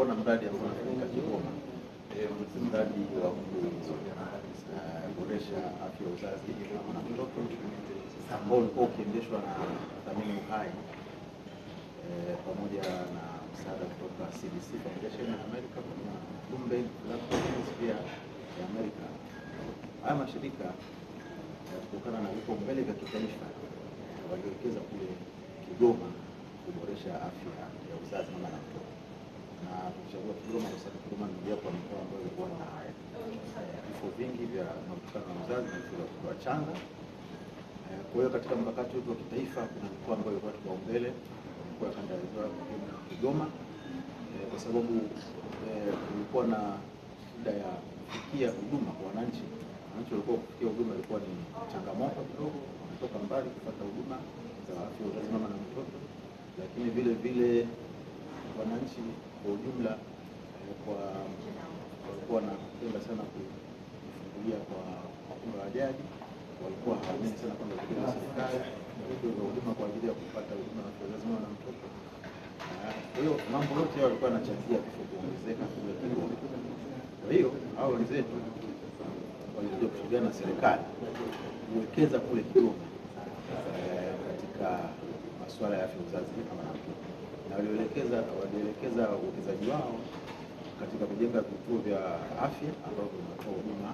tulikuwa na mradi ambao unafanyika Kigoma, eh, mradi wa eh, kuboresha afya ya uzazi na mtoto ambao ulikuwa ukiendeshwa na Thamini Uhai eh, pamoja na msaada kutoka CDC Foundation ya America na Bloomberg pia ya America. Haya mashirika kutokana na mbele vya kitaifa waliwekeza kule Kigoma kuboresha afya ya uzazi mama na mtoto na kuchagua Kigoma kwa sababu Kigoma ni mojawapo ya mikoa ambayo ilikuwa na eh, vifo vingi vya kutokana na uzazi na vifo vya watoto wachanga. Eh, kwa hiyo katika mkakati wetu wa kitaifa kuna mikoa ambayo ilikuwa kipaumbele, mikoa ya kanda ya Ziwa Kigoma, eh, kwa sababu kulikuwa na shida ya kufikia huduma kwa wananchi. Wananchi walikuwa kufikia huduma ilikuwa ni changamoto kidogo, wanatoka mbali kupata huduma za afya ya uzazi, mama na mtoto, lakini vile vile wananchi kwa ujumla eh, walikuwa wanapenda sana kufungulia kwa wakura wa jadi, walikuwa hawaamini sana kwamba huduma serikali za huduma kwa ajili ya kupata huduma za wazazi na mtoto. Ah, kwa hiyo mambo yote yao walikuwa wanachangia vifo kuongezeka kule Kigoma. Kwa hiyo hao wenzetu walikuja kushirikiana na serikali kuwekeza kule Kigoma eh, katika masuala ya afya uzazi na mtoto na walielekeza uwekezaji wao katika kujenga vituo vya afya ambavyo vinatoa huduma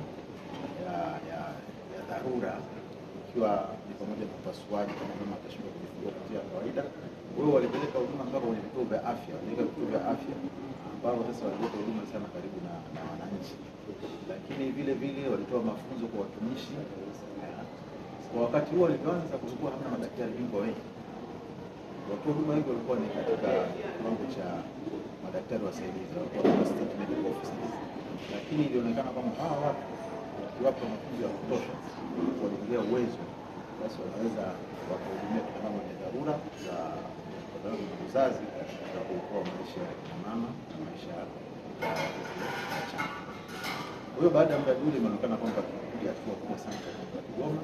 ya, ya, ya dharura ikiwa ni pamoja na upasuaji kama mama atashindwa kujifungua kwa njia ya kawaida. Kwa hiyo walipeleka huduma mpaka kwenye vituo vya afya, walipeleka vituo vya afya ambao sasa walileta huduma sana karibu na, na wananchi, lakini vile vile walitoa mafunzo kwa watumishi. Eh, kwa wakati huo walipoanza kulikuwa hamna madaktari bingwa wengi Watu huduma hii walikuwa ni katika kiwango cha madaktari wasaidizi, lakini ilionekana kwamba hawa watu wakiwapa mafunzo ya kutosha, kuwajengea uwezo, basi wanaweza wakahudumia kutokana kwenye dharura za uzazi na kuokoa maisha ya mama na maisha ya wachanga. Kwa hiyo baada ya mradi ule imeonekana kwamba tumepiga hatua kubwa sana katika Kigoma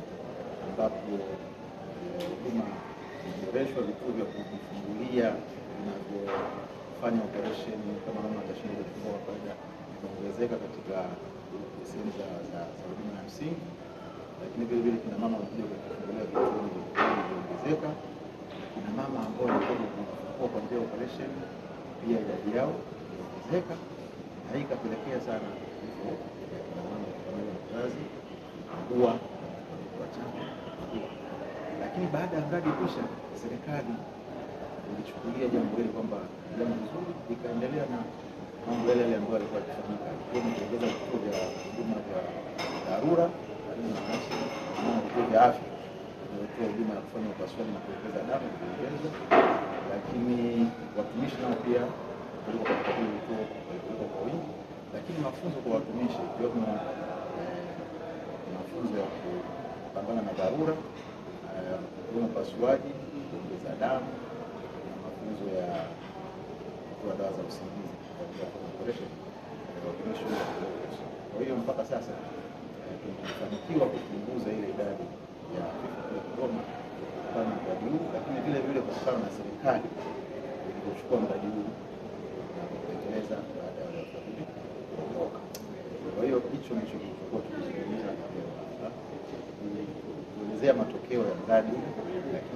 ambapo eh, huduma imeboreshwa, vituo vya kufungulia vinavyofanya operesheni kama namna watashinda kufungua kwa kawaida vimeongezeka katika sehemu za huduma ya msingi, lakini vile vile kina mama wanakuja kufungulia vituo vimeongezeka. Kina mama ambao wanakuja kufungua kwa njia ya operesheni pia idadi yao imeongezeka, na hii ikapelekea sana vifo vya kina mama kutokana na uzazi kuwa watoto wachanga kuwa lakini baada ya mradi kuisha, serikali ilichukulia jambo hili kwamba jambo zuri, ikaendelea na mambo yale yale ambayo alikuwa akifanyika, ikiwemo kuongeza vituo vya huduma vya dharura na vituo vya afya vinavyotoa huduma ya kufanya upasuaji na kuongeza damu kuongeza, lakini watumishi nao pia kuliko katika hili vituo walipelekwa kwa wingi, lakini mafunzo kwa watumishi ikiwemo eh, mafunzo ya kupambana na dharura akiwemo eh, upasuaji, kuongeza damu na mafunzo ya kutoa dawa za usingizi katika Kwa hiyo mpaka sasa eh, tumefanikiwa kupunguza ile idadi ya vifo vya Dodoma kutokana na mradi huu, lakini vile vile kutokana na serikali ilivyochukua mradi huu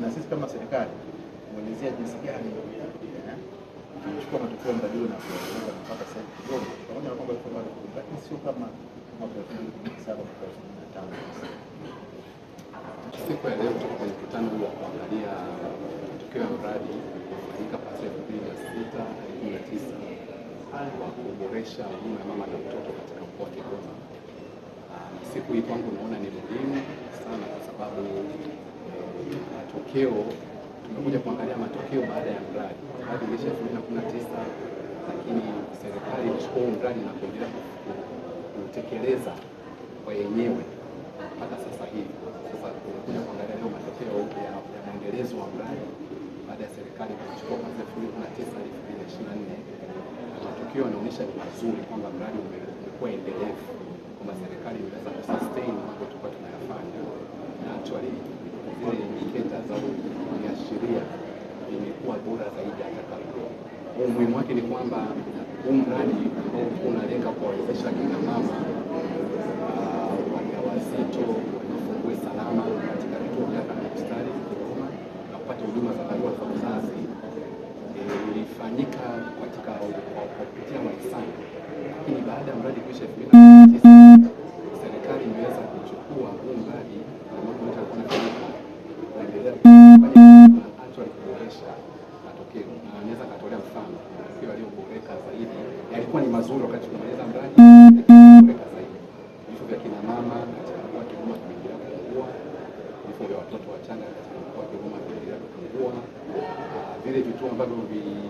na sisi kama serikali kuelezea jinsi gani eh? tunachukua matokeo ya na kuendeleza mpaka sasa hivi kidogo, pamoja na kwamba iko bado kidogo, lakini sio kama mwaka elfu mbili kumi na saba mwaka elfu mbili na tano Siku ya leo tuko kwenye mkutano huu wa kuangalia matokeo ya mradi uliofanyika pasi elfu mbili na sita hadi kumi na tisa wa kuboresha huduma ya mama na mtoto katika mkoa wa Kigoma. Ah, siku hii kwangu naona ni muhimu sana kwa sababu matokeo, tunakuja kuangalia matokeo baada ya mradi. Mradi umeisha elfu mbili na kumi na tisa, lakini serikali ilichukua huu mradi na kuendelea kutekeleza kwa yenyewe mpaka sasa hivi. Sasa tumekuja kuangalia leo matokeo ya mwendelezo wa mradi baada ya serikali kuchukua kwanzia elfu mbili kumi na tisa hadi elfu mbili na ishirini na nne matokeo yanaonyesha ni mazuri kwamba mradi umekuwa endelevu kwamba serikali imeweza kusustain mambo tulikuwa tunayafanya na actually zile indiketa za kuashiria imekuwa bora zaidi hata kabla. Umuhimu wake ni kwamba huu mradi ambao unalenga kuwawezesha kina mama uh, wajawazito wanafungue salama katika vituo vya afya na Dodoma na kupata huduma za dharura za uzazi ilifanyika katika kupitia wahisani, lakini baada ya mradi kuisha elfu mbili yalikuwa ni mazuri wakati tunaweza mradi vifo vya kina mama katika Kigoma vimeendelea kupungua, vifo vya watoto wachanga katika Kigoma vimeendelea kupungua. Ah, vile vituo ambavyo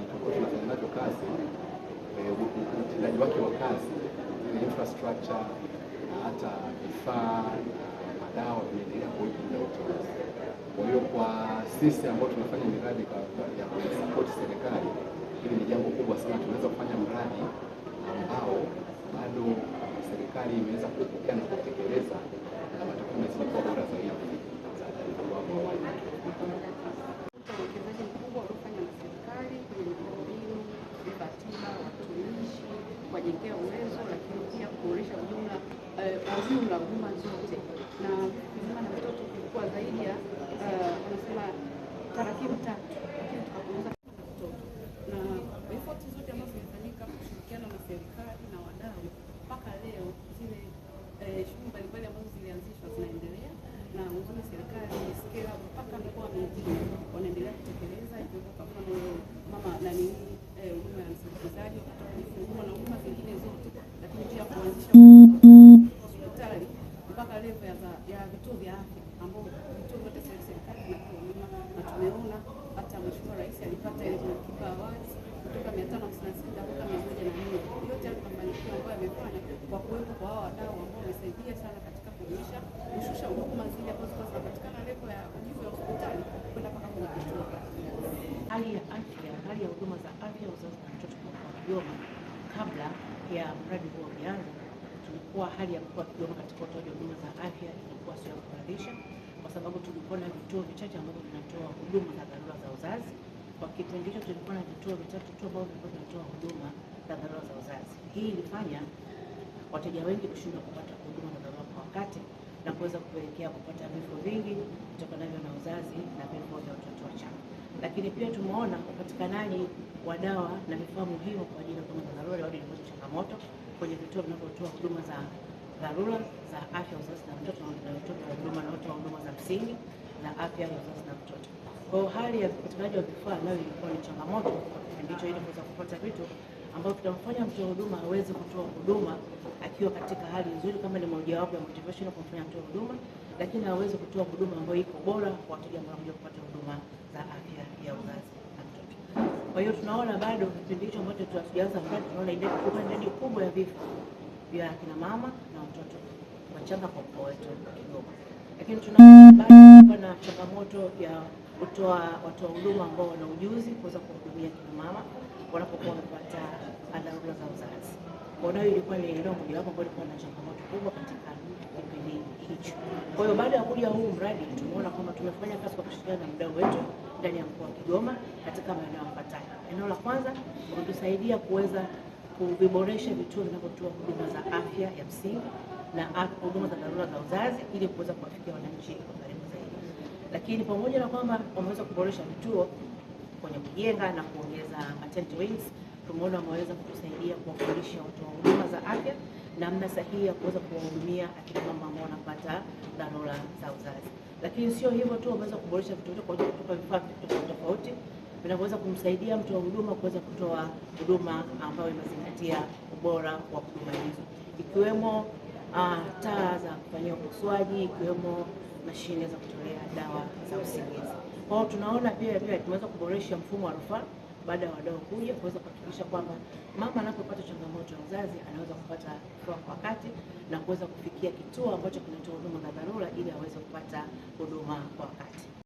tulikuwa tunafanya kazi, eh, utendaji wake wa kazi, infrastructure na hata vifaa eh, madawa vimeendelea kuwepo muda wote. Kwa hiyo kwa sisi ambao tunafanya miradi ya kuisapoti serikali, hili ni jambo kubwa sana, tunaweza kufanya mradi ambao bado serikali imeweza kupokea na kutekeleza kama takwimu zilikuwa bora zaidi mkubwa uliofanywa na serikali kwenye uwezo, lakini pia kuboresha ujumla eh, kwa ujumla huduma zote na vijana na mtoto kulikuwa zaidi ya eh, wanasema tarakimu tatu wanaendelea kutekeleza ikiwepo kwa mfano mama nani eh, huduma ya msindikizaji kujifungua na huduma zingine zote, lakini pia kuanzisha hospitali mpaka levo ya vituo vya afya ambao vituo vyote serikali vinatoa huduma, na tumeona hata Mheshimiwa Rais alipata ile kipa awazi kutoka mia tano hamsini na sita mpaka mia moja na nne yote hayo mafanikio ambayo yamefanya kwa kuwepo kwa hao wadau ambao wamesaidia sana katika kuonyesha kushusha huduma zile ambazo zinapatikana levo ya ujivu Kigoma kabla ya mradi huo kuanza, tulikuwa hali ya mkoa wa Kigoma katika utoaji huduma za afya ilikuwa sio ya kufurahisha, kwa sababu tulikuwa na vituo vichache ambavyo vinatoa huduma za dharura za uzazi. Kwa kipindi hicho tulikuwa na vituo vitatu tu ambavyo vilikuwa vinatoa huduma za dharura za uzazi. Hii ilifanya wateja wengi kushindwa kupata huduma za dharura kwa wakati na kuweza kupelekea kupata vifo vingi vitokanavyo na uzazi na vifo vya watoto wachanga. Lakini pia tumeona upatikanaji wa dawa na vifaa muhimu kwa ajili ya huduma za dharura au linapozo changamoto kwenye vituo vinavyotoa huduma za dharura za afya uzazi na mtoto na watoto wa huduma na wanaotoa huduma za msingi za afya ya uzazi na mtoto. Kwa hiyo hali ya upatikanaji wa vifaa nayo ilikuwa ni changamoto kwa kipindi hicho, ili kuweza kupata vitu ambavyo tutamfanya mtoa huduma aweze kutoa huduma akiwa katika hali nzuri, kama ni mojawapo ya motivation kumfanya mtoa huduma, lakini aweze kutoa huduma ambayo iko bora kwa wateja wanaokuja kupata huduma za afya ya uzazi. Kwa hiyo tunaona bado kipindi hicho ambacho tunajaza mradi, tunaona idadi kubwa ya vifo vya akina mama na watoto wachanga kwa mkoa wetu Kigoma, lakini tunaona bado na changamoto ya kutoa watoa huduma ambao wana ujuzi kuweza kuhudumia kina mama wanapokuwa wamepata dharura za uzazi. Kwa hiyo ilikuwa ni eneo mojawapo ambao ilikuwa na changamoto kubwa katika kipindi hicho. Kwa hiyo baada ya kuja huu mradi, tumeona kwamba tumefanya kazi kwa kushirikiana na mdau wetu ndani ya mkoa wa Kigoma katika maeneo ya mpatani. Eneo la kwanza wametusaidia kuweza kuviboresha vituo vinavyotoa huduma za afya ya msingi na huduma za dharura za uzazi ili kuweza kuwafikia wananchi kwa karibu zaidi. Lakini pamoja na kwamba wameweza kuboresha vituo kwenye kujenga na kuongeza maternity wings, tumeona wameweza kutusaidia kuwafundisha watoa huduma za afya namna sahihi ya kuweza kuwahudumia akina mama ambao wanapata dharura za uzazi. Lakini sio hivyo tu, wameweza kuboresha vituo kwa kutupa vifaa tofauti vinavyoweza kumsaidia wa huduma kuweza kutoa huduma ambayo inazingatia ubora wa huduma hizo, ikiwemo uh, taa za kufanyia upasuaji, ikiwemo mashine za kutolea dawa za usingizi. Kwa hiyo tunaona pia pia tumeweza kuboresha mfumo wa rufaa baada ya wadau kuja kuweza kuhakikisha kwamba mama anapopata changamoto ya uzazi anaweza kupata rufaa kwa wakati na kuweza kufikia kituo ambacho kinatoa huduma za dharura ili aweze kupata huduma kwa wakati.